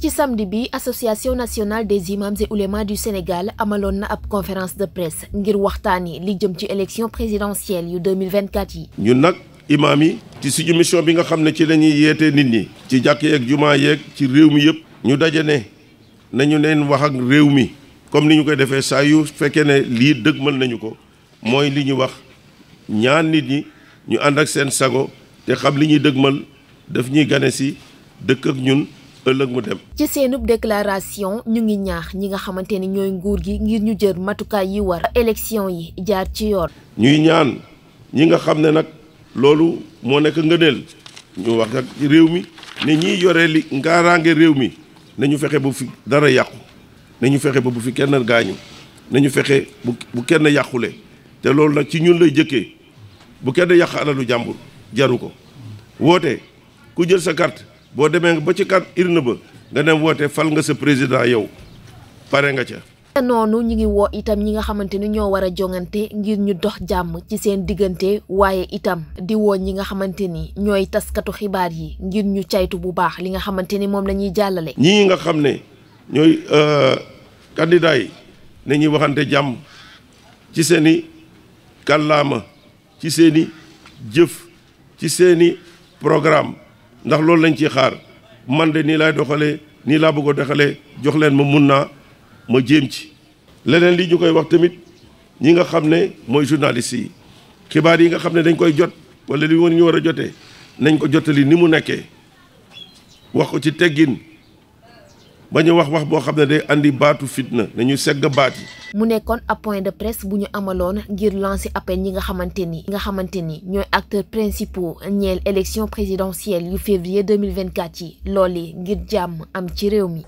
ci samdi bi association nationale des imams et oulémas du Sénégal amaloon na ab conférence de presse ngir waxtaani li jëm ci élection présidentielle yu 2024 yi ñu nag imaam yi ci suñu mission bi nga xam ne ci lañuy yeete nit ñi ci jàkk ak jumaa yeeg ci réew mi yépp ñu daje ne nañu leen wax ak réew mi comme ni ñu koy defee saa yu fekkee ne lii dëgmal nañu ko mooy li ñu wax ñaan nit ñi ñu ànd ak seen sago te xam li ñuy dëgg dëgmal daf ñuy gane si dëkk ak ñun ëllëg mu dem. ci seenub déclaration ñu ngi ñaax ñi nga xamante ni ñooy nguur gi ngir ñu jël matukaay yi war élection jaar ci yoon. ñuy ñaan ñi nga xam ne nag loolu moo nekk ngëneel ñu wax ak réew mi ne ñiy yore li ngaaraange réew mi nañu fexe bu fi dara yàqu nañu fexe ba bu fi kenn gaañu nañu fexe bu bu kenn yàqule te loolu nag ci ñun lay jëkkee. bu kenn yàq alalu jàmbur jaru ko woote ku jël sa carte boo demee ba ci carte urne ba nga dem woote fal nga sa président yow pare nga ca e noonu ñu ngi woo itam ñi nga xamante ni ñoo war a jongante ngir ñu dox jàmm ci seen diggante waaye itam di woo ñi nga xamante ni ñooy taskatu xibaar yi ngir ñu caytu bu baax li nga xamante ni moom lañuy ñuy jàllale. ñi nga xam ne ñooy e, candidat yi nañuy waxante jàmm ci seeni kàllaama ci seen i jëf ci seen i programme ndax loolu lañ ciy xaar man de nii laay doxalee nii laa bëgg a doxalee jox leen ma mun naa ma jéem ci. leneen li ñu koy wax tamit ñi nga xam ne mooy journaliste yi xibaar yi nga xam ne dañ koy jot wala li woon ñu war a jote nañ ko jottali ni mu nekkee wax ko ci teggin. ba ñu wax wax boo xam ne day andi baatu fitna ñu segg baat yi. mu nekkoon ab point de presse bu ñu amaloon ngir lancé appel ñi nga xamante ni. nga xamante ni ñooy acteurs principaux ñeel élection présidentielle yu février 2024 yi loolee ngir jàmm am ci réew mi.